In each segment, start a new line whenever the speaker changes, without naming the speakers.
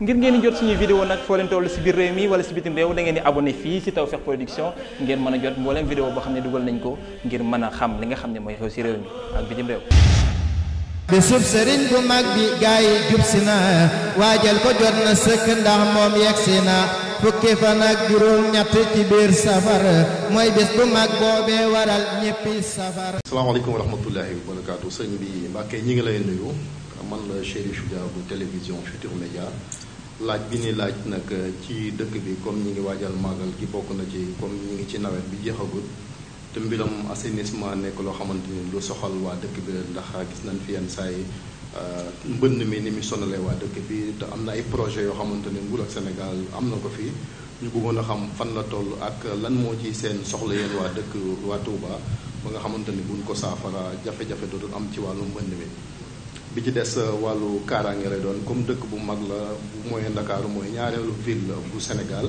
ngir ngeen jot suñuy vidéo nag foo leen toll si biir réew mi wala si bitim réew da ngeen di abonné fii si Tawfekh Production ngeen mën a jot mbooleem vidéo boo xam ne dugal nañ ko ngir mën a xam li nga xam ne mooy xew si réew mi ak bitim réew
bésub sëriñ bu mag bi gaa yi jub si na waajal ko jot na sëkk ndax moom yegg si na fukki fan ak juróom ñett ci biir safar mooy bés bu mag boobee waral ñéppi safar wa rahmatullahi wa barakaatu sëñ bi Mbàkke ñi ngi lay nuyu man la Chérif Dia bu télévision Futur Média laaj bi ni laaj nag euh, ci dëkk bi comme ñi ngi waajal màggal gi bokk na ci comme ñi ngi ci nawet bi jeexagul te mbiram assainissement nekk loo xamante ni lu soxal waa dëkk bi ndax gis nañ fi yenn saa yi euh, mbënn mi ni mu sonalee waa dëkk bi te am na ay projet yoo xamante ni nguur ak Sénégal am na ko fii ñu bëggoon a xam fan la toll ak lan moo ci seen soxla yéen waa dëkk waa Touba ba nga xamante ni buñ ko saafara jafe dootul am ci wàllu mbënn mi bi ci des euh, wàllu kaaraange lay doon comme dëkk bu mag la bu mooy Ndakaaru mooy ñaareelu ville bu Sénégal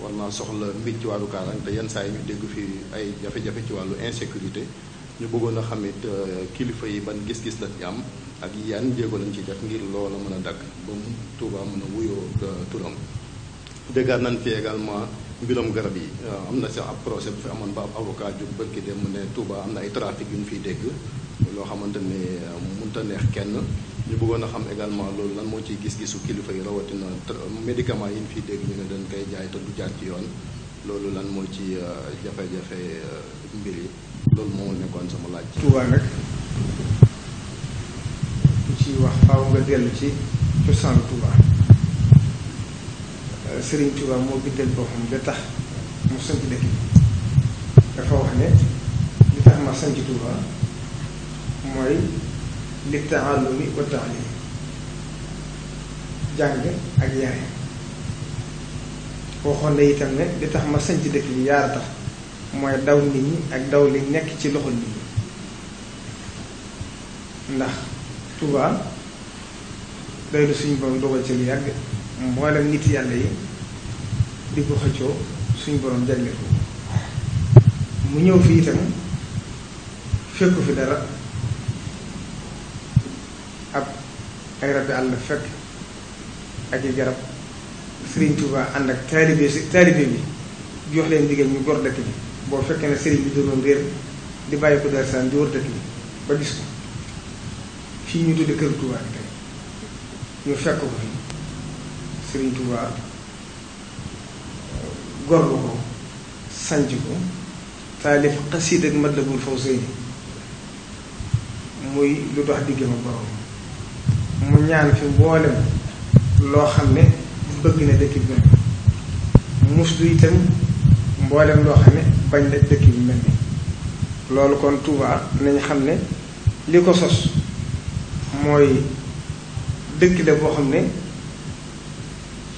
war naa soxla mbir ci wàllu kaaraange te yenn saa yi ñu dégg fii ay jafe-jafe ci wàllu insécurité ñu bëggoon a xamit euh, kilifa yi ban gis-gis la ñu am ak yan jéego lañ ci def ngir loola mën a dakk ba mu Touba mën a wuyoo euh, turam déggaat nañ fi également mbiram garab yi am na si ab procès bu fi amoon ba ab avocat jóg ki dem mu ne Touba am na ay yu ñu fiy dégg loo xamante ne euh, mënta neex kenn ñu bëggoon a xam également loolu lan moo ciy gis-gisu kilifa yi rawatina médicament yi ñu fiy dégg ñu ne dañ koy jaay te du jaar ci yoon loolu lan moo ci euh, jafe-jafe euh, mbir yi loolu moo nekkoon sama laaj. Touba nag
ku ci wax faaw nga dellu ci cosaanu Touba Serigne Touba moo bindal boppam ba tax mu sant dëkk bi dafa wax ne li ma sant Touba. mooy li taallumi wa taalim jàng ak yare waxoon na itam ne li tax ma sañc dëkk bi yaara tax mooy daw nit ñi ak daw li nekk ci loxo nit ñi ndax Tuubaa day lu suñ borom dogal ci lu yàgg mboolem nit yàlla yi di ko xëccoo suñ borom jagle mu ñëw fi itam fekku fi dara ay rabbi àll fekk ak i garab Serigne Touba ànd ak taalibe si taalibe bi jox leen liggéey ñu gor dëkk bi boo fekkee ne Serigne bi doon réer di bàyyi ko Darsan di wër dëkk bi ba gis ko fii ñu tudde kër Touba bi tey ñu fekk ko fi Serigne Touba gorlu ko sanc ko taalif xasiid ak Matlabul Fawzayni muy lu dox digg ma borom mu ñaan fi mboolem loo xam ne bëgg na dëkk bi mel loo xam ne bañ na dëkk bi ni loolu kon Touba nañ xam ne li ko sos mooy dëkk la boo xam ne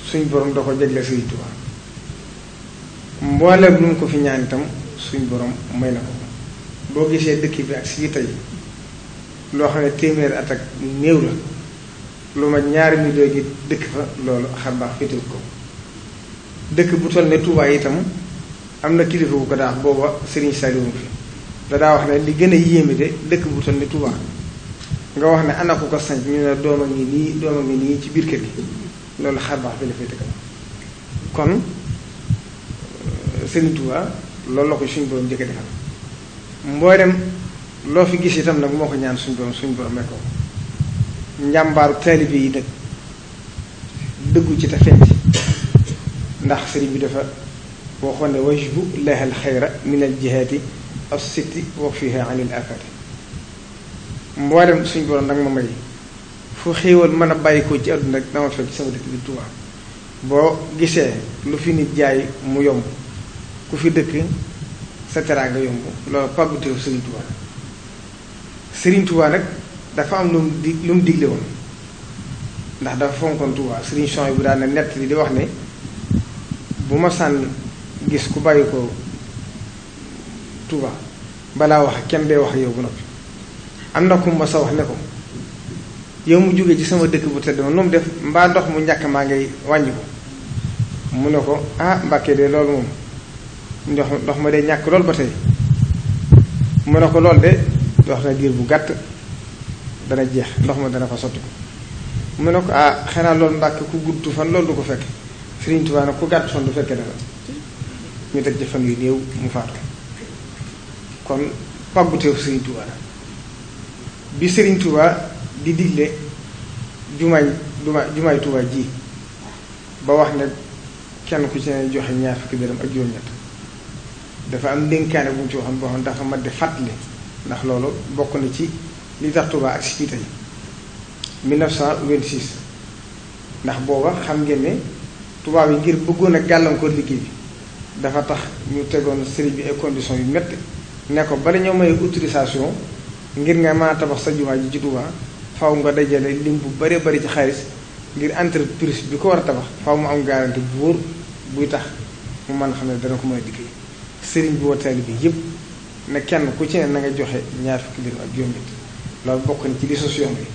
suñ boroom da ko jagle Sëriñ Touba mboolem lu mu ko fi ñaan itam suñ borom may na ko boo gisee dëkk bi ak si tey loo xam ne téeméer at ak néew la lu ma ñaari million gi dëkk fa loolu xar baax féetewu ko dëkk bu toll ne tubaa itam am na kilifa bu ko daax booba Serigne Saliou fi dadaa wax ne li gën a yéeme de dëkk bu toll ne Touba nga wax ne ana ko ko sanc ñu ne doom ngi nii doom a ngi nii ci biir kër gi loolu xar baax bi la féete kon euh, Serigne Touba loolu la ko suñu borom njëkk defal mboolem loo fi gis itam nag moo ko ñaan suñu borom suñu borom ko. njàmbaaru taalibe yi nag dëggu ci te fenc ndax sëriñ bi dafa waxoon ne wajbu lahal xayra min al jihaati as sitti wa fiha anil afati mboolem suñ borom nag ma may fu xéewal mën a bàyyikoo ci àdduna rek dama fekk sama dëkk bi Tuubaa boo gisee lu fi nit jaay mu yomb ku fi dëkk sa teraanga yomb loolu pàggutéefu sëriñ Tuubaa sëriñ Tuubaa nag dafa am lu mu di digle woon ndax dafa fonkoon Tuubaa sëriñ Son bu daan ne nett li di wax ne bu ma sànn gis ku bàyyi ko Tuubaa balaa wax kenn day wax yow bu noppi am na ku ma sa wax ne ko yow mu jógee ci sama dëkk bu tedd ma nu def mbaa ndox mu ñàkk maa ngay wàññi mu ne ko ah Mbàkke de loolu moom ndox ndox ma day ñàkk lool ba tey mu ne ko loolu de wax na diir bu gàtt dana jeex ndox ma dana fa sotti ko mu ne ko ah xanaa loolu mbàkke ku gudd fan loolu du ko fekk Sëriñ Tuubaa nag ku gàtt fan du fekkee dafa ñu teg ci fan néew mu faatu kon pàgguteew Sëriñ Tuubaa la bi Sëriñ Tuubaa di digle jumaay jumaay Tuubaa ji ba wax ne kenn ku ci ne joxe ñaar fukki dërëm ak dafa am ndénkaane bu mu ci waxoon boo xam ndax ma de fàttali ndax loolu bokk na ci li tax Touba ak si fii ndax booba xam ngeen ne tubaab yi ngir bëggoon a gàllankoor liggéey bi dafa tax ñu tegoon sëriñ bi ay conditions yu mett ne ko bala ñoo may autorisation ngir nga mën a tabax sa jumaa ji ci Touba faw nga dajale lim bu bëree bëri ci xaalis ngir entreprise bi ko war a tabax faw mu am garantie bu wóor buy tax mu mën xam ne dana ko mën a liggéey sëriñ bi woo taalibe bi yëpp ne kenn ku ci ne na nga joxe ñaar fukki dërëm ak juróom-ñett loolu bokk na ci li sos yoon bi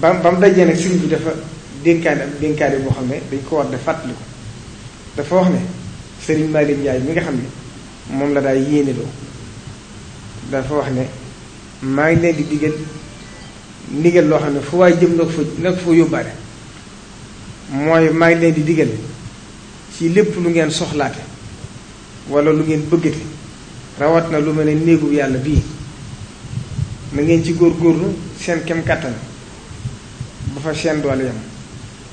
ba ba mu dajee nag sëriñ bi dafa dénkaane ak dénkaane boo xam ne dañ ko war de fàttali ko dafa wax ne sëriñ Malick Ndiaye mi nga xam ne moom la daay yéeneloo dafa wax ne maa ngi leen di digal ndigal loo xam ne fu waay jëm na ko fa na ko fa mooy maa ngi leen di digal ci lépp lu ngeen soxlaate wala lu ngeen bëggate rawat na lu mel ne néegub yàlla bii na ngeen ci góor góorlu seen kem kàttan ba fa seen doole yam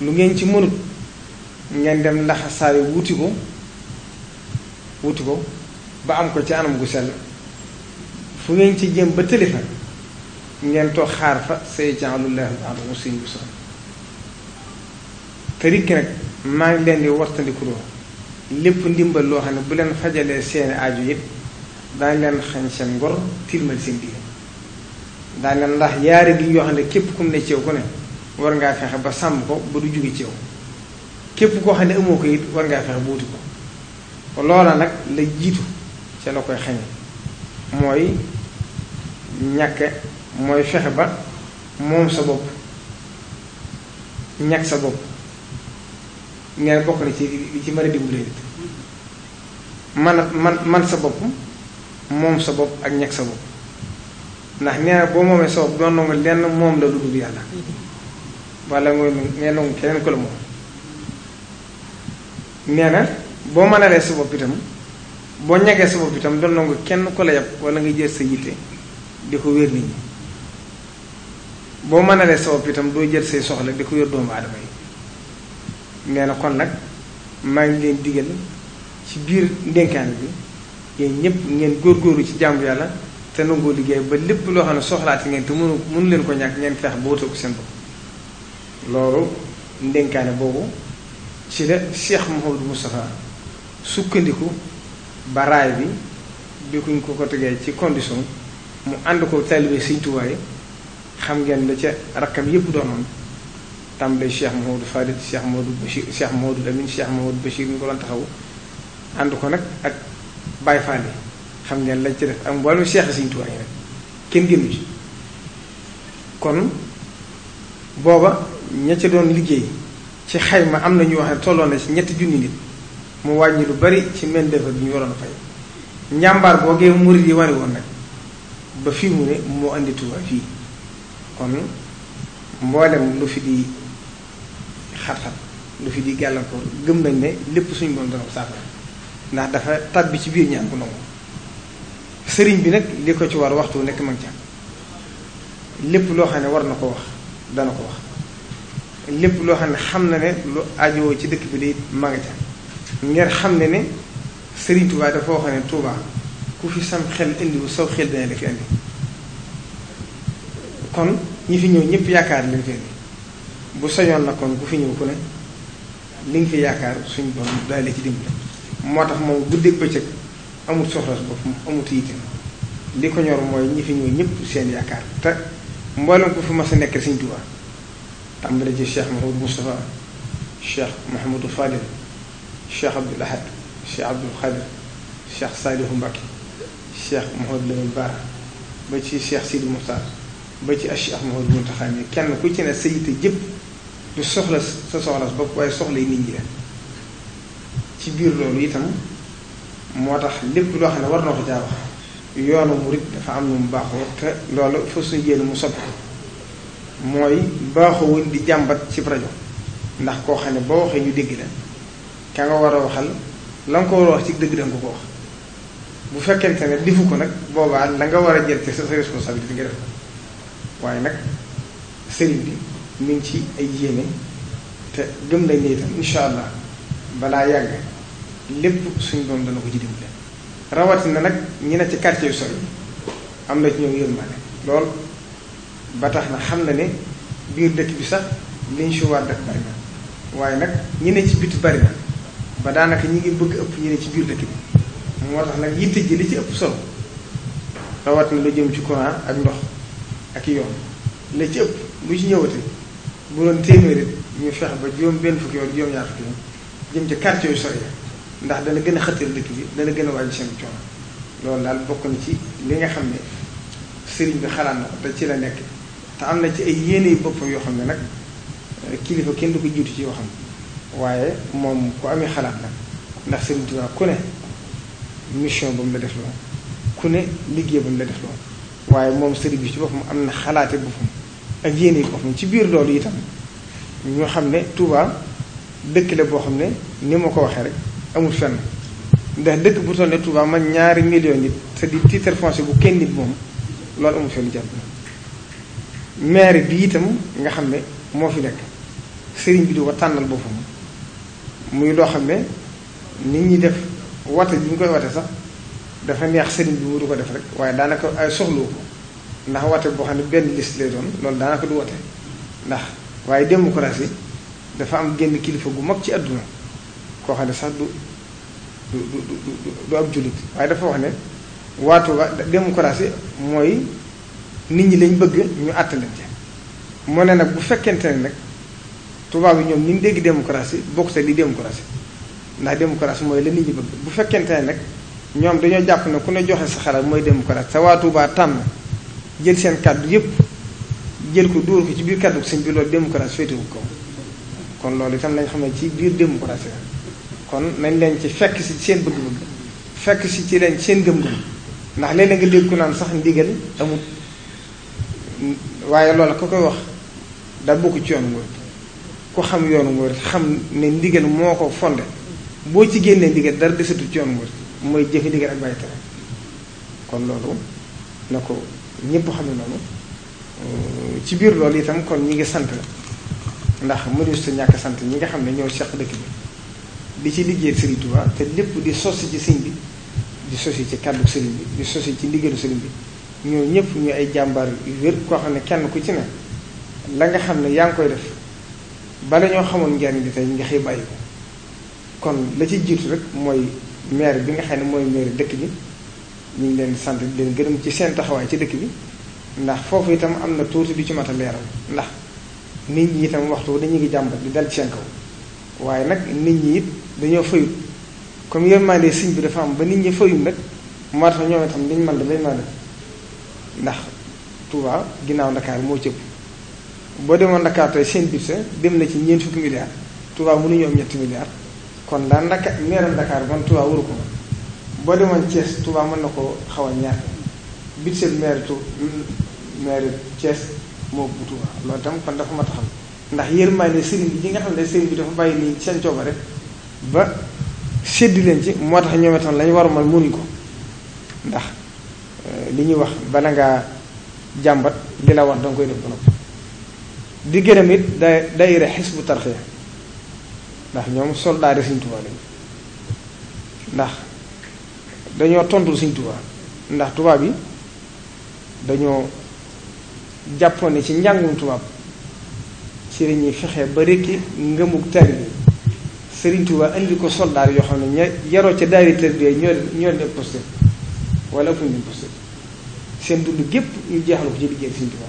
lu ngeen ci mënut ngeen dem ndax saa yu wuti ko wuti ko ba am ko ci anam gu sell fu ngeen ci jëm ba tëli ngeen toog xaar fa say jaalullahu alamu sëñ bu sax te rikki nag maa ngi leen di wartandikuloo lépp ndimbal loo xam ne bu leen fajalee seeni aajo yëpp daañ leen xañ seen ngor tilmal seen biir daa ndax yaare gi yoo xam ne képp kum ne ceew ku ne war ngaa fexe ba sàmm ko ba du jóge ceew képp koo xam ne amoo ko it war ngaa fexe buuti ko loola nag la jiitu ca la koy xañe mooy ñàkk mooy fexe ba moom sa bopp ñàkk sa bopp ngeen bokk na ci li ci a dimbale nit man man man sa bopp moom sa bopp ak ñàkk sa bopp ndax nee boo moomee soow doon nangu lenn moom la dugub yàlla wala mooy nee keneen ko la moom nee na boo mënalee sa bopp itam boo ñagee sa bopp itam kenn ko la wala nga jël sa yitte di ko wér nit boo mënalee sa bopp itam doo jël say soxla di ko wér doomu aadama yi nee na kon nag maa ngi leen digal ci biir ndénkaan bi yéen ñëpp ngeen góor góoru ci jàmb yàlla te nangoo liggéey ba lépp loo xam ne soxlaati ngeen te mënu mënu leen ko ñàkk ngeen feex ba wutoo ko seen bopp loolu ndénkaane boobu ci la Cheikh Mouhamadou Moustapha sukkandiku ba raay bi bi kuñ ko ko tegee ci condition mu ànd ko taalibe Sëñ Tuubaa yi xam ngeen da ca rakkam yépp doonoon tàmbale Cheikh Mouhamadou Fadil Cheikh Mouhamadou Bachir Cheikh Mouhamadou Amine Cheikh Mouhamadou Bachir ñu ko doon taxaw ànd ko nag ak Baye Fall xam ngeen lañ ci def am wàllu seex Sëriñ nag kenn génnu ci kon booba ña doon liggéey ci ma am na ñu wax ne tolloon na ci ñetti junni nit mu wàññi lu bari ci main d'œuvre bi ñu waroon fay njàmbaar boo murid yi wane woon ba fii mu ne moo kon mboolem lu fi lu fi di gàllankoor gëm nañ ne lépp suñu borom dana ko ndax dafa bi ci biir ñaan bu nangu sëriñ bi nag li ko ci war waxtu nekk ma ngi ca lépp loo xam ne war na ko wax dana ko wax lépp loo xam ne xam na ne lu ajoo ci dëkk bi day ma nga ca ngeen xam ne ne sëriñ Touba dafa wax ne Touba ku fi sam xel indiwu saw xel dana la fi kon ñi fi ñëw ñëpp yaakaar lañ fi indi bu sañoon na kon ku fi ñëw ku ne li nga fi yaakaar suñ borom daal ci dimbali moo tax moom guddeeg bëccëg amul soxlas boppam amul yitam li ko ñor mooy ñi fi ñëw ñëpp seen yaakaar te mboolem ko fi mas a nekk Sëriñ Tuubaa tàmbale ci Cheikh Mahamadou Moustapha Cheikh Mahamadou Fadil Cheikh Abdoul Ahad Cheikh Abdoul Khadir Cheikh Salihu Mbacké Cheikh Mahamadou ba ci Cheikh Sidi Moukhtar ba ci Cheikh Mahamadou Mountakha mi kenn ku ci ne sa yite jëpp du soxla sa soxlas bopp waaye soxla yi nit ñi la ci biir loolu itam moo tax lépp loo xam ne war na ko caa wax yoonu murit dafa am nu mu baaxoo te loolu fa suñu yéene mu soppi mooy baaxoo di jàmbat ci rajo ndax koo xam ne boo waxee ñu dégg la ka nga war a waxal lan ko war a wax ci dëgg danga ko wax bu fekkente ne difu ko nag boobaa la nga war a jël ci sa responsabilité nga def ko waaye nag sëriñ bi mu ngi ci ay yéene te gëm nañ ne itam allah balaa yàgg. lépp suñu doom dana ko ci dimbale na nag ñi ne ci quartier yu sori am na ci ñoom yërmande lool ba tax na xam na ne biir dëkk bi sax liñ si war def bari na waaye nag ñi ne ci biti bari na ba daanaka ñi ngi bëgg ëpp ñi ne ci biir dëkk bi moo tax nag yitte ji li ci ëpp rawat na lu jëm ci courant ak ndox ak yoon la ci ëpp lu ci ñëwati bu doon téeméeri ñu fex ba juróom benn fukki yoon juróom ñaar fukki yoon jëm ci quartier yu sori ndax dana gën a xëttal dëkk bi dana gën a wàññi seen coono loolu daal bokk na ci li nga xam ne sëriñ bi xalaat na ko te ci la nekk te am na ci ay yéene boppam yoo xam ne nag euh, kilifa kenn du ko ci waxam waaye moom ku amee xalaat la ndax sëriñ Tuubaa ne mission ba la def loo ku ne liggéey ba la def loo waaye moom sëriñ bi ci boppam am na xalaate boppam ak yéene boppam ci biir loolu itam ñoo xam ne Tuubaa dëkk la boo xam ne ni ma ko waxee rek amul fenn ndax dëkk bu toll ne man ñaari million nit te di titre foncier bu kenn nit moom loolu amul fenn jàpp maire bi itam nga xam ne moo fi nekk sëriñ bi du ko tànnal boppam muy loo xam ne nit ñi def wate bi ñu koy wate sax dafa neex sëriñ bi mu du ko def rek waaye daanaka ay soxlawu ko ndax wate boo xam ne benn liste lay doon loolu daanaka du wate ndax waaye démocratie dafa am génn kilifa gu mag ci àdduna koo xam ne sax du du du du du am jullit waaye dafa wax ne waa Tuuba démocratie mooy nit ñi lañ bëgg ñu àttalante moo ne nag bu fekkente ne nag tubaab yi ñoom ñu ngi dégg démocratie bokk te li démocratie ndax démocratie mooy la nit ñi bëgg bu fekkente ne nag ñoom dañoo jàpp ne ku ne joxe sa xalaat mooy démocratie te waa Tuuba tànn jël seen kàddu yépp jël ko dóor ko ci biir kàddu sëñ bi loolu démocratie féetewu ko kon loolu itam lañ xam ci biir démocratie kon nañ leen ci fekk si seen bëgg-bëgg fekk si ci leen seen gëm-gëm ndax léeg-léeg nga dégg ku naan sax ndigal amul waaye loolu ku koy wax da bokk ci yoon murit ku xam yoonu murit xam ne ndigal moo ko fonde boo ci génnee ndigal dara desatu ci yoonu murit mooy jëfe ndigal ak bàyyi tere kon loolu ne ko ñépp xam ne noonu ci biir loolu itam kon ñi ngi sant ndax mënees ñàkk sant ñi nga xam ne ñoo seq dëkk bi di ci liggéey Serigne Touba te lépp di sos ci sëñ bi di sosi ci kàddu sëriñ bi di sosi ci ndigalu sëriñ bi ñoo ñëpp ñu ay jàmbaar yu wér koo xam ne kenn ku ci xam ne yaa ngi koy def bala ñoo xamoon njariñ bi tey nga xëy bàyyi kon la ci jiitu rek mooy maire bi nga xam ne mooy maire dëkk bi ñu ngi leen sant di leen gërëm ci seen taxawaay ci dëkk bi ndax foofu itam am na tuuti du ci mat a leeral ndax nit ñi itam waxtu dañu ngi jàmbat di dal ci seen kaw waaye nag nit ñi it dañoo fayut comme yërmande sëñ bi dafa am ba nit ñi fayum rek moo tax ñoom itam liñ man da lañ man def ndax Touba ginnaaw Dakar moo boo demoon Dakar tey dem na ci ñeent fukki milliards Touba mënuñu am ñetti kon daan Dakar meeram Dakar man Touba waru ko boo demoon Thiès Touba mën na ko xaw a ñaar budget maire tu moo bu Touba loolu tam kon dafa ma taxam ndax yërmande sëriñ bi ñi nga xam ne sëriñ bi dafa bàyyi nii seen cooba rek ba séddi leen ci moo tax ñoom itam lañu war a mën mënuñ ko ndax euh, li ñuy wax bala ngaa jàmbat li la war danga koy def ba di gërëm it day daayira Hizbut Tarqiyyah ndax ñoom soldaar yi Sëriñ Tuubaa ndax dañoo tontul Sëriñ Tuubaa ndax tubaab yi dañoo jàppoon ni ci njàngum tubaab ci la ñuy fexe ba rekki ngëmug taalibe sëriñ Touba indi ko soldaar yoo xam ne ña yaroo ca daari tëddee ñoo ñoo leen posté wala ëpp nañu posté seen dund gépp ñu jeexal ko ci liggéey Serigne Touba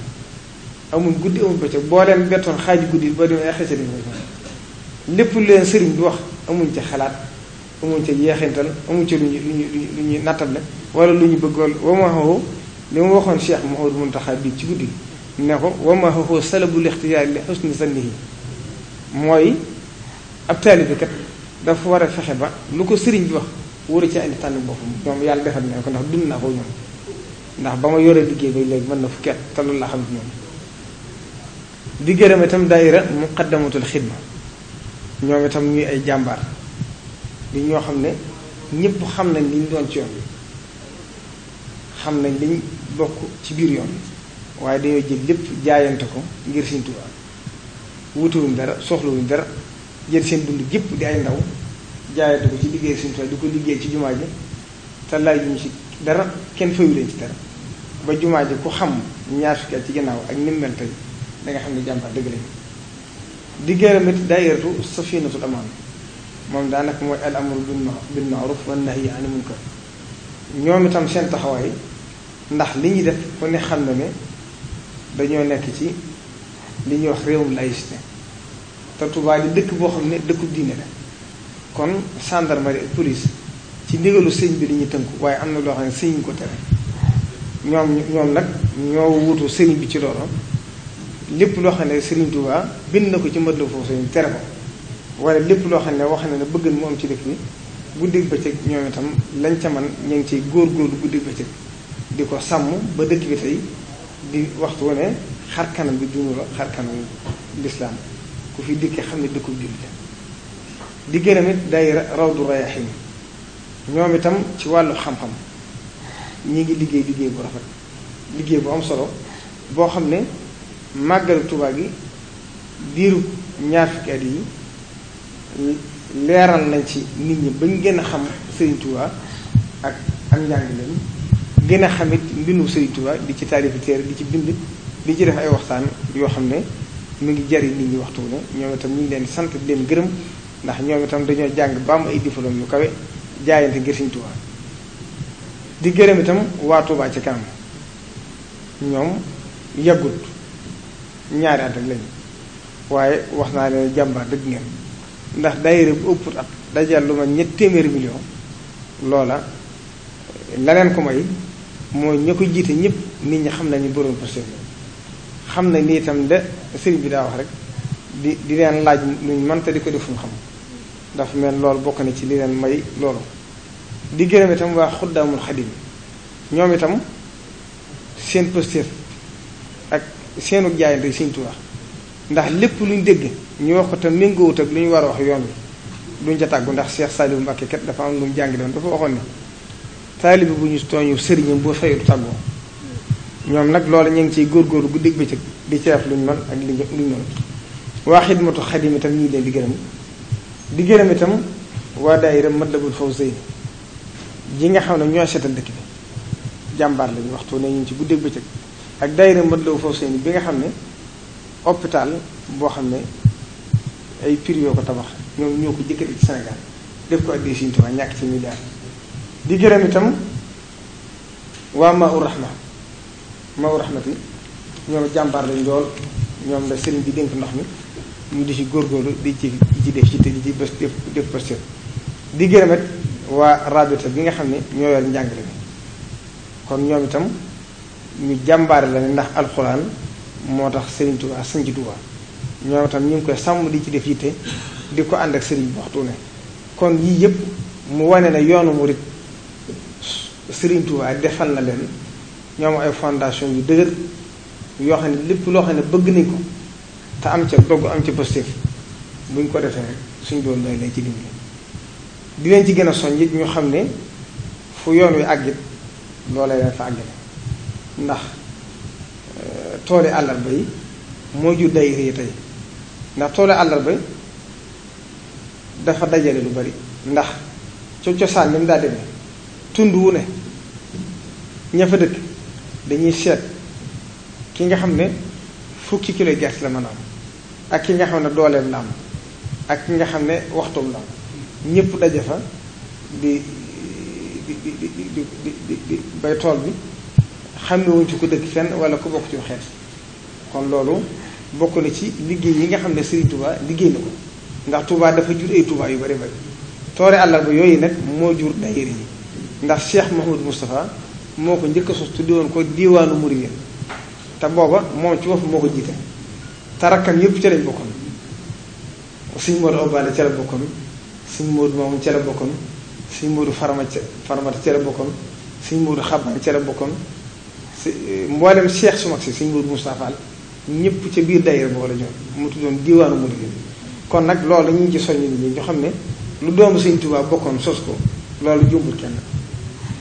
amul guddi amul bëccëg boo leen bettoon xaaju guddi boo demee ay xasee nañu lépp lu leen Serigne bi wax amuñ ca xalaat amuñ ca yeexintal amuñ ca lu ñu lu ñu lu ñuy nattale wala lu ñu bëggoon wamaaxoo li ma waxoon Cheikh Mouhamadou Mountakha bi ci guddi ne ko wamaaxoo salabu lixtiyaar li xusni sannihi mooy. ab bi kat dafa war a fexe ba lu ko sëriñ bi wax wóor ci indi tànn boppam ñoom yàlla defal na ko ndax dund naa ko ñoom ndax ba ma yoree liggéey ba léegi mën na fukki at te loolu laa xam ñoom di gërëm itam daayira muqaddamatul xidma ñoom itam ñuy ay jàmbaar li ñoo xam ne ñëpp xam nañ liñ doon ci yoon bi xam nañ liñ bokk ci biir yoon waaye dañoo jël lépp jaayante ko ngir Sëriñ Tuubaa wutuwuñ dara soxlawuñ dara jël seen dund gépp di ay ndaw jaayatu ko ci liggéey suñu tool di ko liggéey ci jumaa ji te ci dara kenn fayu leen ci dara ba jumaa ji ku xam ñaar fukki ci ginnaaw ak ni mu mel nga xam ne jàmbaar dëgg lañu di gërëm it daayiratu safinatul amaan moom daanaka mooy al amru bil maaruf yi nahyi ani munkar ñoom itam seen taxawaay ndax li ñuy def ku ne xam na ne dañoo nekk ci li ñuy wax réewum laïcité te Touba di dëkk boo xam ne dëkku diine la kon sàndarma ak police ci ndigalu sëñ bi dañuy tënku waaye am na loo xam ne sëñ ñu ko tere ñoom ñoom nag ñoo wutu sëriñ bi ci loolu lépp loo xam ne sëriñ Touba bind na ko ci mën la foofu sëñ tere ko wala lépp loo xam ne wax na ne bëgg moom am ci dëkk bi guddeeg bëccëg ñoom itam lañ ca man ñu ngi ciy góorgóorlu guddeeg bëccëg di ko sàmm ba dëkk bi tey di waxtu wu ne xar kanam bi dund xar kanam lislaam ku fi dikkee xam ne dëkku jullit la di gërëm it day rawdu rayaxin ñoom itam ci wàllu xam-xam ñi ngi liggéey liggéey bu rafet liggéey bu am solo boo xam ne màggalu tubaab gi diiru ñaar fukki at yi leeral nañ ci nit ñi ba gën a xam Sëriñ Tuubaa ak ak njàngaleem gën a xamit mbindu Sëriñ Tuubaa di ci taalifi téere di ci bind di ci def ay waxtaan yoo xam ne mu ngi jari nit ñi waxtu wu ne ñoom itam ñu ngi leen sant di leen gërëm ndax ñoom itam dañoo jàng ba am ay diplôme yu kawe jaayante ngir Sëriñ Tuubaa di gërëm itam waa ci kanam ñoom yàggut ñaari at ak waaye wax naa leen jàmbaar dëgg ndax daayira bu ëpp at lu ma ñett téeméeri million loola la leen ko may mooy ña ko jiite ñëpp nit ñi xam nañu borom pour xam na ni itam de sëriñ bi daa wax rek di di leen laaj luñ mën di ko defum xam dafa mel loolu bokk na ci li leen may loolu di gërëm itam waa xuddaamul xadim ñoom itam seen posture ak seenu jaayante Sëriñ Tuubaa ndax lépp luñ dégg ñu wax ko te méngoowut ak lu ñu war a wax yoon wi duñ ca tàggu ndax Cheikh Saliou Mbacké kat dafa am lu mu jàngi doon dafa waxoon ne taalibi bu ñu tooñu sëriñam boo fayul tàggoo ñoom nag loolu ñu ngi ciy góorgóorlu guddi bëccëg di ceef luñ mën ak li luñ mën waa xidmatu xadim itam ñu ngi leen di gërëm di gërëm itam waa daayira Matlabul Fawzayni ji nga xam ne ñoo seetal dëkk bi jàmbaar lañu waxtu ne ñu ngi ci guddi bëccëg ak daayira Matlabul Fawzayni bi nga xam ne hôpital boo xam ne ay pir yoo ko tabax ñoom ñoo def ko ak ñàkk ci di gërëm itam waa Maa-u Rahma maw rahmati ñoom jàmbaar lañ lool ñoom la sëriñ bi dénk ndox mi ñu di ci góorgóorlu di ci di ci def ci te di ci bés def def posté di gërëm waa rabita bi nga xam ne ñoo yor njàngale mi kon ñoom itam ñu jàmbaare la ndax alxuraan moo tax sëriñ Tuubaa sëñ ci ñoom itam ñu ngi koy sàmm di ci def yitte di ko ànd ak sëriñ bi waxtu ne kon yii yëpp mu wane ne yoonu murit sëriñ Tuubaa defal na leen ñoo ay fondation yu dëgër yoo xam ne lépp loo xam ne bëgg nañ ko te am ca dogg am ca positif buñ ko defee suñ doon doy lay ci dimbali dinañ ci gën a soññ it ñu xam ne fu yoon wi àggit loola leen fa àggale ndax euh, tooli àllarba yi moo jur day yi tey ndax tooli àllarba dafa dajale lu bari ndax ca cosaan ni mu daa demee tund wu ne ña fa dëkk dañuy seet ki nga xam ne fukki kilo gerte la mën a am ak ki nga xam ne dooleem la ak ki nga xam ne waxtum la am ñëpp daje fa di bay tool bi xam ne wuñ ci ko dëkk fenn wala ku bokk ci xeet kon loolu bokk na ci liggéey yi nga xam ne Serigne tubaa liggéey na ko ndax tubaa dafa jur ay Touba yu bari bari toore àllarba yooyu nag moo jur daayira yi ndax Cheikh Mouhamadou Moustapha moo ko njëkk a sos tuddi woon ko diiwaanu Mouride te booba moom ci boppam moo ko jiite te rakkam yëpp ca lañ bokkoon suñ Modou Obale ca la bokkoon suñ Modou Mamoun ca la bokkoon suñ Farma ca Farmata bokkoon suñ Modou Xaban ca bokkoon si mboolem Cheikh su mag si suñ Modou Moustapha ñëpp ca biir daayira boobu la joon mu tuddoon diiwaanu Mouride kon nag loolu ñu ngi ci soññ nit ñi ñu xam ne lu doomu Sëñ Tuubaa bokkoon sos ko loolu jumbul kenn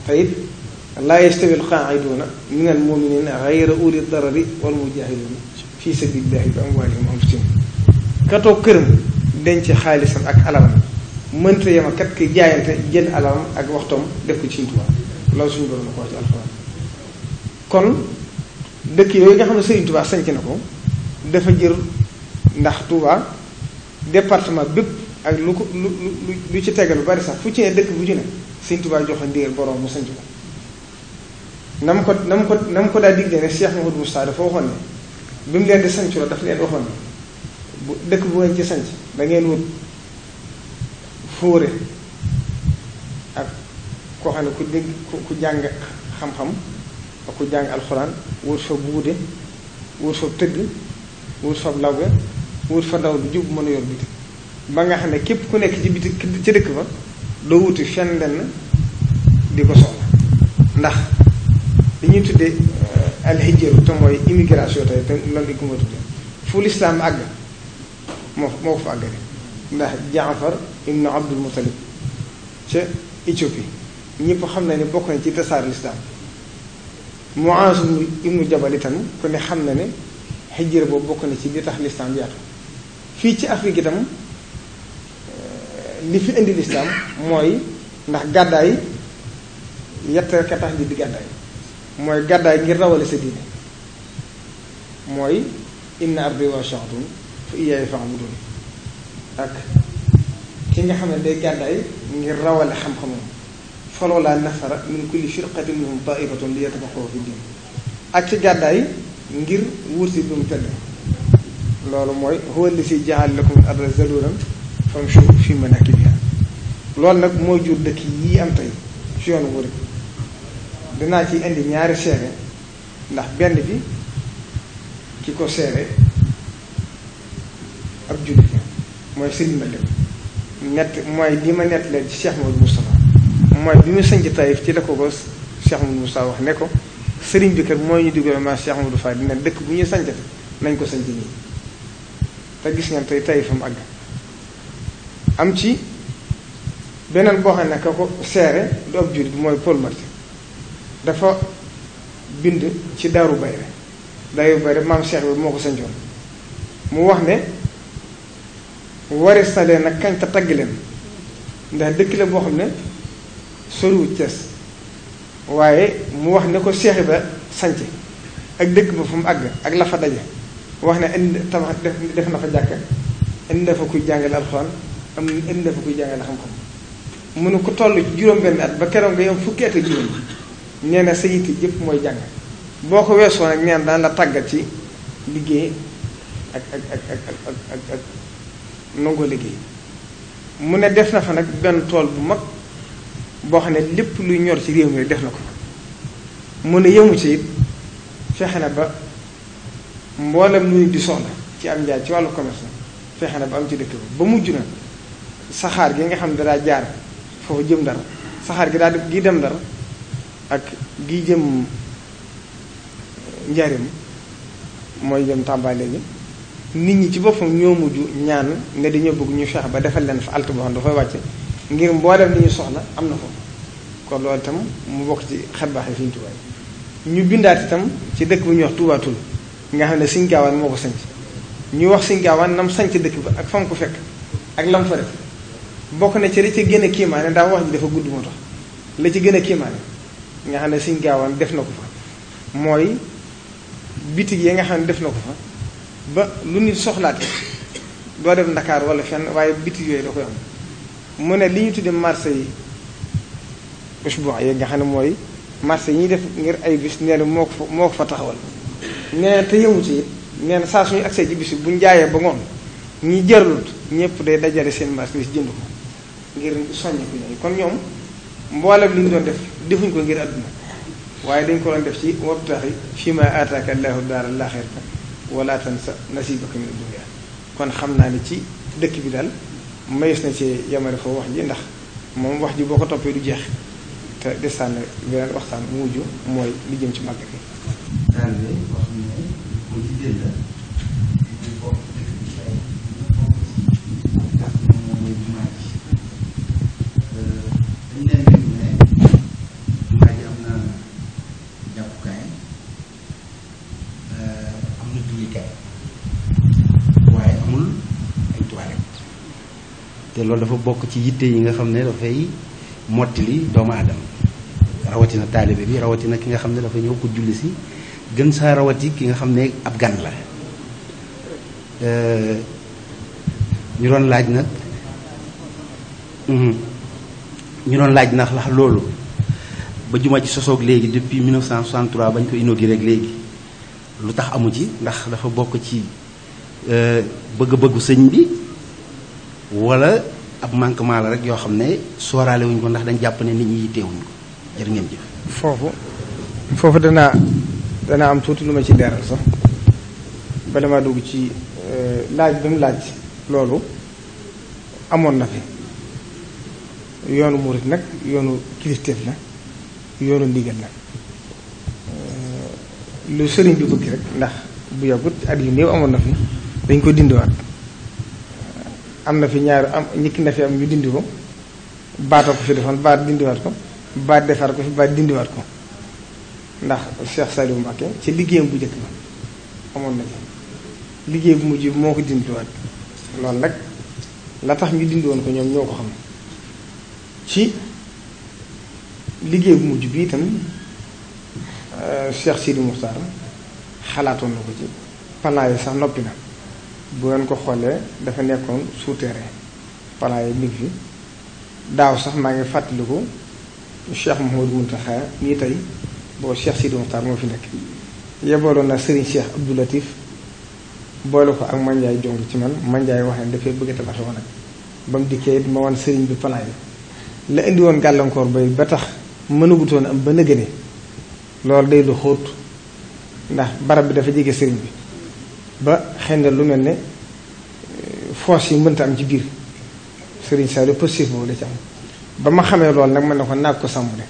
te laa yastawi alqaaciduuna min almuminina gayra uli darari wal mujahiduuna fi sabilillahi bi amwaalihim wa anfusihim ka toog këram xaalisam ak alalam mënta yema kat ki jaayante jël alalam ak waxtoom def ci Tuubaa suñu borom ko wax ci alxuraan kon dëkk yooyu nga xam ne Sëriñ Tuubaa sanc na ko dafa jër ndax Tuubaa département bépp ak lu ko lu lu lu ci tegal lu bari sax fu ci ne dëkk bu ci ne Sëriñ Tuubaa joxe ndigal borom mu ko na mu ko na mu ko na mu ko daa digle ne Cheikh Mouhamadou Moustapha dafa waxoon ne bi mu leen di sanc la daf leen waxoon ne bu dëkk bu ngeen ci sanc da ngeen wut fóore ak koo xam ne ku dégg ku jàng xam-xam ku jàng alxuraan wut fa buude wut fa tëgg wut fa lawbe wut fa ndaw du jub mën a yoon bitig ba nga xam ne képp ku nekk ci bitig ci dëkk ba doo wuti fenn lenn di ko soxla ndax li ñuy tuddee euh, alxijaru te mooy immigration tey te lan di ko ma tudde fu lislaam àgg moo moo ko fa àggale ndax jaafar ibnu abdul muttalib ca Éthiopie ñëpp xam na ne bokk na ci tasaar lislaam Muaz ibnu Jabal itam ku xam na ne xijjir boobu bokk na ci li tax lislaam yaatu fii ci Afrique itam euh, li fi indi lislaam mooy ndax gàddaay yett ka tax di di gàddaay mooy gàddaay ngir rawale sa diine mooy inna ardi waasi'atun fa iyyaaya fa'budun ak ki nga xam ne day gàddaay ngir rawale xam-xamam falawlaa nafara min kulli firqatin minhum taa'ifatun liyatafaqqahu fi diin ak ci gàddaay ngir wut si bu mu tëdd loolu mooy huwa llazii ja'ala lakum al-arda zaluulan famshuu fii manaakibihaa loolu nag mooy jur dëkk yii am tey ci yoonu wóor dinaa ci indi ñaari seere ndax benn bi ki ko seere ab jullit mooy sëriñ ma dem nett mooy li ma nett leen ci Cheikh Mouhamadou Moustapha mooy bi mu sëñ ci Taïf ci la ko ko Cheikh Mouhamadou Moustapha wax ne ko sëriñ bi kat mooy ñu digal ma Cheikh Mouhamadou Fall dina dëkk bu ñuy sañcat nañ ko sañc nii te gis ngeen tey Taïf am àgg am ci beneen boo xam ne ka ko seere du ab jullit mooy Paul dafa bind ci daaru bayre daaru bayre maam Cheikh bi moo ko sancoon mu wax ne waris na nag kañ te tagg leen ndax dëkk la boo xam ne soriwut ces waaye mu wax ne ko Cheikh Ibra sanc ak dëkk ba fu mu àgg ak la fa daje wax ne indi tabax def na fa jàkka indi na fa kuy jàngale alxuraan am indi na fa kuy jàngale xam-xam mu ne ko toll juróom-benn at ba keroog nga yam fukki at juróom nee na sa yitte jëpp mooy jàng boo ko weesoo nag neen daan la tàggat ci liggéey ak ak ak ak nangoo liggéey mu ne def na fa nag benn tool bu mag boo xam ne lépp luy ñor ci réew mi def na ko mu ne yëmu ci it fexe na ba mboolem lu di soxla ci am njaay ci wàllu commerce fexe na ba am ci dëkk ba ba mujj na saxaar gi nga xam ne daa jaar foofu jëm dara saxaar gi daa gi dem dara ak gi jëm njariñ mooy jëm Tamba léegi nit ñi ci boppam ñoo mujj ñaan ne dañoo bëgg ñu feex ba defal leen fa alt boo dafay wàcce ngir mboolem li ñu soxla am na ko kon loolu itam mu bokk ci xet baax yi fi ñu tubaay ñu bindaat itam ci dëkk bu ñuy wax Touba Toul nga xam ne Sëñ Gaawaan moo ko sanc ñu wax Sëñ Gaawaan nam sanc dëkk ba ak fam ko fekk ak lam fa def bokk na ci la ci gën a kiimaane daa wax ji dafa gudd moo la ci gën a kiimaane nga xam ne siñ gaawaan def na ko fa mooy bitig yi nga xam ne def na ko fa ba lu nit soxlaate doo dem Ndakaar wala fenn waaye bitig yooyu da koy am mu ne li ñu tuddee marché yi usbuwa yi nga xam ne mooy marché yi ñuy def ngir ay bis nee na moo ko fa moo ko fa taxawal nee na te yëngu ci nee na saa suñu accès ci bis bu ñu jaayee ba ngoon ñi jërlut ñëpp day dajale seen marché bi si jënd ko ngir soññ ko ñooyu kon ñoom mboolem lu ñu doon def defuñ ko ngir àdduna waaye dañ ko doon def ci wabtaxi fi ma aataaka allahu daara laaxirata wala tansa nasibaka min dunya kon xam naa ne ci dëkk bi daal mayees na ci yamare foofu wax ji ndax moom wax ji boo ko toppee du jeex te desaan beneen waxtaan mu mujj mooy li ci màgg
bi liggéeykaay waaye amul ay toilette te loolu dafa bokk ci yitte yi nga xam ne dafay li doomu aadama rawatina taalibe bi rawatina ki nga xam ne dafa ñëw ko julli si gën sa rawati ki nga xam ne ab gan la euh, ñu doon laaj nag ñu doon laaj ndax lax loolu ba juma ci sosoog léegi depuis 1963 bañ ko inauguré rek léegi lu tax amu ci ndax dafa bokk ci euh, bëgg-bëggu sëñ bi wala ab manquement la rek yoo xam ne sooraale wuñ ko ndax dañ jàpp ne nit ñi yitteewuñ ko jërë ngeen jëf. foofu foofu danaa danaa am tuuti lu ma ci leeral
sax bala maa dugg ci euh, laaj bi mu laaj loolu amoon na fi yoonu murit nag yoonu kilifteef la yoonu ndigal la. lu sëriñ bi bëgg rek ndax bu yàggut at yu néew amoon na fi dañ ko dindiwaat am na fi ñaari am ñëkk na fi am ñu dindi ko baatoo ko fi defoon baat dindiwaat ko baat defar ko fi baat dindiwaat ko ndax Cheikh Saliou Mbacké ci liggéeyam bu njëkk ba amoon na ci liggéey bu mujj moo ko dindiwaat loolu nag la tax ñu dindi woon ko ñoom ñoo ko xam ci liggéey bu mujj bi itam Euh, Cheikh Sidi Moukhtar xalaatoon na ko ci palaa yi sax noppi na bu ngeen ko xoolee dafa nekkoon souterrain palaa yi nit fi daaw sax maa ngi fàttaliku Cheikh Mouhamadou Mountakha ñii tey boo Cheikh Sidi Moukhtar moo fi nekk yebaloon na Serigne Cheikh Abdou boole ko ak manjaay jong ci man manjaay wax ne dafay bëgg tabaxe woon ak ba mu dikkee it ma wan sëriñ bi palaa yi la indi woon gàllankoor bay ba tax mënagutoon am ba nëgëne loolu day lu xóot ndax barab bi dafa jege sëriñ bi ba xëy na lu mel ne euh, force yi mënta am ci biir sëriñ Saliou positif boobu la ci am ba ma xamee loolu nag mën na ko naag ko sàmm de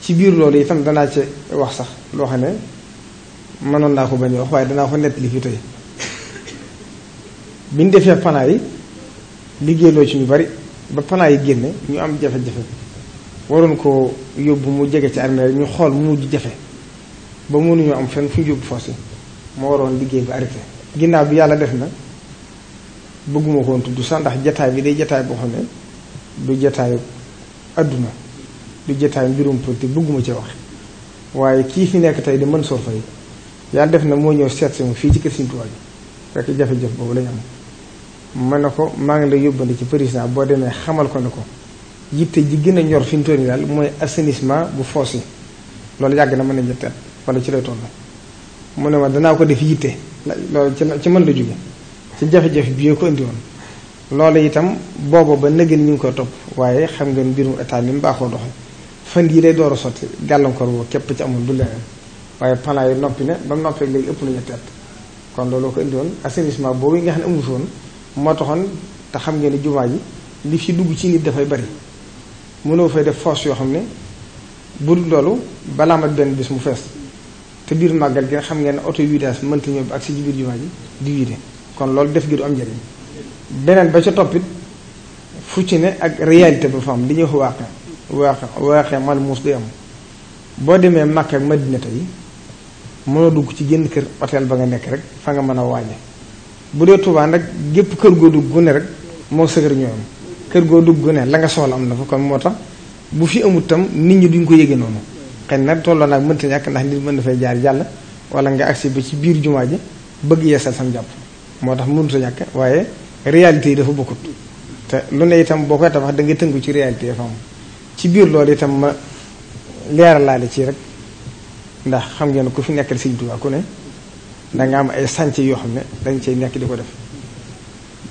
ci biir loolu yi itam danaa ci wax sax loo xam ne mënoon naa ko bañ wax waaye danaa ko nettali fi tey bi ñu defee panaa yi liggéey loo ci ñu bari ba panaa yi génne ñu am jafe-jafe waroon ko yóbbu mu jege ci armée ñu xool mu mujj jafe ba mënuñu am fenn fu ñu moo waroon liggéey bi arrêté ginnaaw bi yàlla def na bëgguma ko woon tudd sax ndax jataay bi day jataay boo xam ne du jataayu àdduna du jataayu mbirum politique bëgguma ci wax waaye kii fi nekk tey di mën soo fay yàlla def na moo ñëw seet si ma fii ci kër Sëriñ Tuubaa bi rek jafe-jafe boobu lañu am mën na ko maa ngi lay yóbbandi ci président boo demee xamal ko ne ko yitte ji gën a ñor fi mu toll nii daal mooy assainissement bu foos yi loolu yàgg na mën a jëttal wala ci lay toll mu ne ma danaa ko def yitte loolu ci man la jóge ci jafe-jafe bi ko indi woon loolu itam booba ba nëgën ñu ngi koy topp waaye xam nga ngeen mbirum état ni mu baaxoo doxe fan yii day door a sotti gàllankoor woo képp ci amoon du leneen waaye plan yi noppi na ba noppee léegi ëpp na ñetti at kon looloo ko woon assainissement boobu yi nga xam ne amu fi woon moo te xam ngeen ne jumaa ji li fi dugg ci nit dafay bari mënoo fa def force yoo xam ne bu dul loolu balaa mat benn bis mu fees te biir màggal gi nga xam ngeen ne auto vidange mënta ñëw ak si biir jumaa ji di de kon loolu def gi du am njëriñ beneen ba ca toppit fu ci ne ak réalité bu fa am li ñuy wax waaqe waaqe waaqe mal muus day am boo demee Makka ak Madina tey mënoo dugg ci génn kër hôtel ba nga nekk rek fa nga mën a waañe bu dee Tuubaa nag gépp kër goo dugg gu rek moo sëgër ñoo am kër goo dugg ne la nga soxla am na fa kon moo tax bu fi amut tam nit ñi duñ ko yëge noonu xëy na tolloo naag mënta ñàkk ndax nit mën na fay jaar jàll wala nga agsi ba ci biir jumaa ji bëgg yeesal sam jàpp moo tax mënta ñàkk waaye réalité yi dafa bokkut te lu ne itam boo koy tabax da nga tënku ci réalité yi ci biir loolu itam ma leeralaale ci rek ndax xam ngeen ku fi nekkal Sëñ Tuubaa ku ne danga am ay sànce yoo xam ne dañ cay nekk di ko def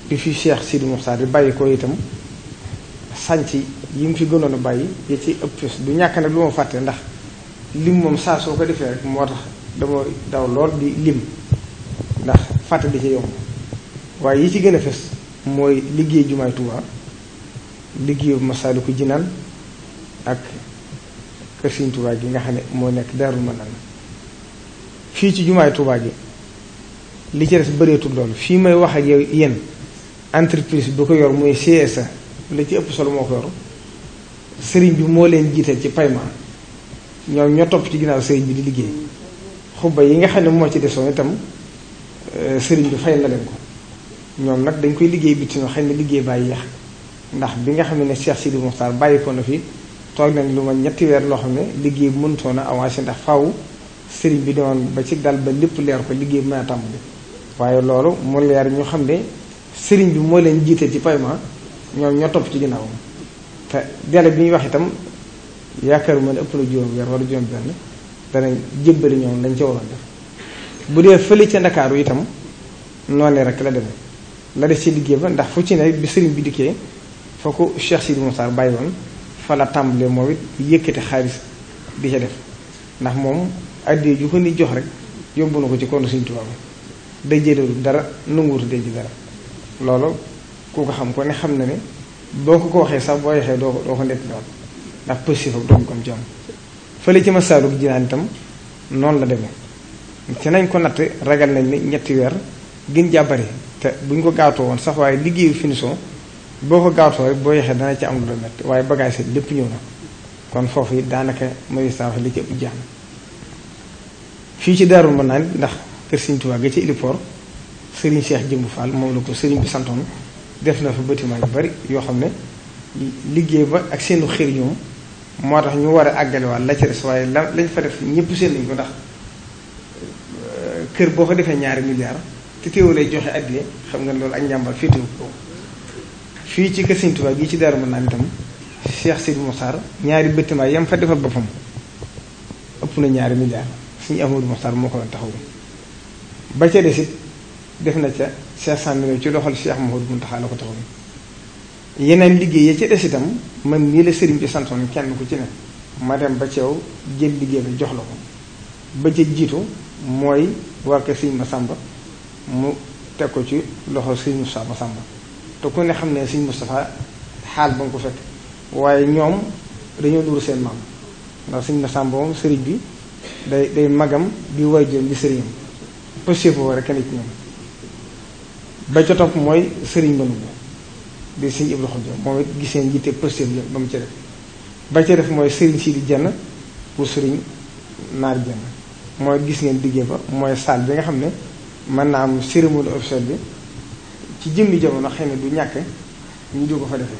bi fi Cheikh Sidi Muxtaar bi bàyyi koo itam sanc yi mu fi gënoon a bàyyi yi ci ëpp du ñàkk nag lu ma fàtte ndax lim moom saa soo ko defee rek moo tax dama daw lool di lim ndax fàtt di ci yomb waaye yi ci gën a fës mooy liggéey jumaay Tuubaa liggéeyu ko Jinaan ak kër Sëriñ Tuubaa gi nga xam ne moo nekk Daarul Manaan fii ci jumaay Tuubaa gi li ci des bëreetul loolu fii may wax ak yow yéen entreprise bu ko yor mooy sa la ci ëpp solo ko yor bi moo leen jiite ci paiement ñoom ñoo topp ci ginnaaw sëriñ bi di liggéey xubba yi nga xam ne moo ci desoon itam euh, sëriñ bi fay na leen ko ñoom nag dañ koy liggéey bitim xëy na liggéey bàyyi yàq ndax bi nga xam ne Cheikh Sidi Mokhtar bàyyi ko na fi toog nañ lu ma ñetti weer loo xam ne liggéey mënutoon a avancé ndax faw sëriñ bi demoon ba ci dal ba lépp leer ko liggéey mën a tàmbali waaye loolu mu leer ñu xam ne sëriñ bi moo leen jiite ci paiement. ñoom ñoo topp ci ginnaaw te délai bi ñuy wax itam yaakaaruma ne ëpp la juróom weer wala juróom benn danañ jébbali ñoom lañ ca waroon def bu dee fële ca ndakaaru itam noonu rek la demee la def ci liggéey ba ndax fu ci ne bi sëriñ bi dikkee foo ko Cheikh Sidi Moussa bàyyi woon fa la tàmbalee moom it yëkkati xaalis bi ca def ndax moom addee ju ko ni jox rek yóbbu na ko ci kon Sëriñ Tuubaa day jëleelu dara nanguwutu day ji dara loolu ku ko xam ko ne xam na ne boo ko ko waxee sax boo yeexee doo ko doo ko nettaliwaat ndax positif ak doom comme ci ma fële ci Masaalikul Jinaan itam noonu la demee te nañ ko natt ragal nañ ne ñetti weer gën jaa bari te buñ ko gaatoo woon sax waaye liggéeyu finition boo ko gaawtoo boo yeexee dana ci am lu la métti waaye bagage yi lépp ñëw na kon foofu yi daanaka magistrat wax li ci ëpp jaaxal fii ci daarul mën naa ndax kër Sëriñ Tuubaa ga ci héliport Serigne Cheikh Jëmbu Fall la ko Serigne bi def na fa bâtiment bu bari yoo xam ne liggéey ba ak seenu xër ñoom moo tax ñu war a àggalewaat la ci des waaye la lañ fa def ñëpp seen nañ ko ndax euh, kër boo ko defee ñaari milliards te teewulee joxe addiye xam nga loolu ak njàmbar féetewu ko fii ci kër Sëñ Tuubaa gi ci Daaru Marnaan itam Cheikh Sidi Mokhtar ñaari bâtiment yam fa defal boppam ëpp na ñaari milliards Sëñ Amadou Mokhtar moo ko doon taxawu ba ca des def na ca 500 millions ci loxol Cheikh Mouhamadou Mountakha la ko taxawoon yeneen liggéey ya ci des itam man nii la sëriñ bi santoon kenn ku ci ne ma dem ba ceew jël liggéey bi jox la ko ba ca jiitu mooy war ko ma sàmba mu teg ko ci loxo sëriñ Moustapha sàmba te ku ne xam ne sëriñ Moustapha xaal ba nga ko fekk waaye ñoom dañoo duuru seen maam ndax sëriñ Massamba moom sëriñ bi day day magam di way jëm di sëriñam pëstéefoo rek kenn ci ñoom ba ca topp mooy sëriñ ba nugg di sëñ Ibra Xujja moom it gis ngeen jiite pëstéef yëpp ba mu ci def ba ca def mooy sëriñ Sidi Jenn pour sëriñ Naar Jenn mooy gis ngeen diggee ba mooy saal bi nga xam ne mën naa am cérémonie officielle bi ci jëmmi jamono xëy na du ñàkk ñu di ko fa defee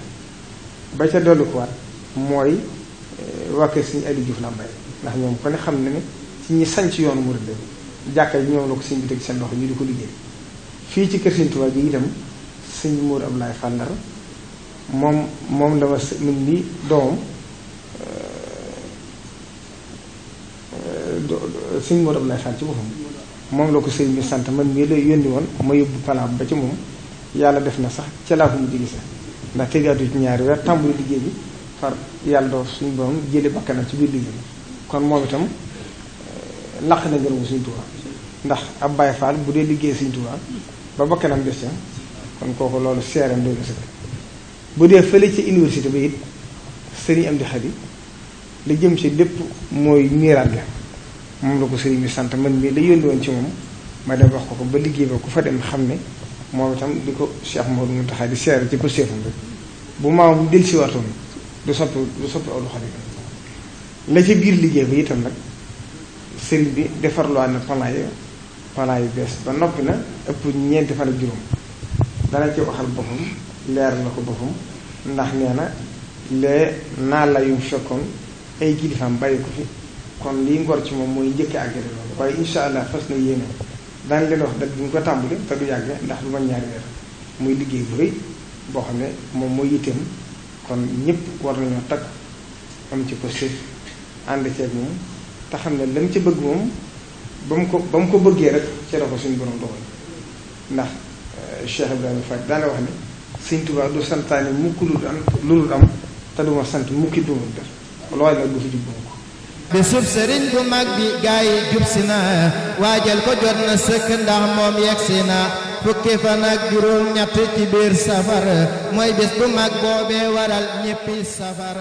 ba ca dolli ko waat mooy euh, wàkkee sëñ Aliou Diouf Lambaye ndax ñoom ko xam ne ne ci ñi sanc yoonu murid jàkka yi ñoom la ko sëñ bi teg seen loxo ñu di ko liggéey fii ci kër Sëñ Tuubaa ji itam sëñ Mour Ablaye Fall Ndar moom moom la ma min di doomam euh, euh, sëñ Mour Ablaye Fall ci boppam moom la ko sëñ bi sant man mii la yónni woon ma yóbbu palaab ba ci moom yàlla def na sax ca laa ko mu jigi sax ndax tegaatu ci ñaari weer tàmbali liggéey bi far yàlla doo suñu borom jële bakkanam ci biir liggéey bi kon moom itam euh, laq na ngërëmu Sëñ Tuubaa ndax ab Baye Fall bu dee liggéey Sëñ Tuubaa ba bakkanam des ca kon kooku loolu seeram doy na sëkk bu dee fële ci université bi it sëriñ am di xadi la jëm ci lépp mooy miiraat ga moom la ko sëriñ bi sant man mii la yónni woon ci moom ma dem wax ko ko ba liggéey ba ku fa dem xam ne moom itam di ko Cheikh Mawdo mu taxaa di seere ci ko seefam rek bu maam del si waatoon lu soppi du soppi awlu xadi la ci biir liggéey bi itam nag sëriñ bi defar lu na plan yi falaay bees ba noppi na ëpp ñeenti fan ak juróom dana ci waxal boppam leer na ko boppam ndax nee na lee naa la yu fekkoon ay kilifaam bàyyi ko fi kon liy ngor ci moom mooy njëkk àggale loolu waaye incha allah fas na yéene daan leen wax dëgg bu ñu ko tàmbali te du yàgg ndax du ma ñaari weer muy liggéey bu rëy boo xam ne moom mooy yitteem kon ñëpp war nañoo takk am ci ko séef ànd ceeg moom te xam ne lan ci bëgg moom ba mu ko ba mu ko bëggee rek ci la ko suñu borom doxal ndax euh, Cheikh Ibrahima Fall daana wax ne Sëñ Tuubaa du santaane mukk lu am def loolu waaye nag du fi ko
bisub sëriñ bu mag bi gaa yi jub si ko jot na sëkk ndax moom yegsi fukki fan ak juróom ñett ci biir safar mooy bis bu mag boobee waral
ñéppi safar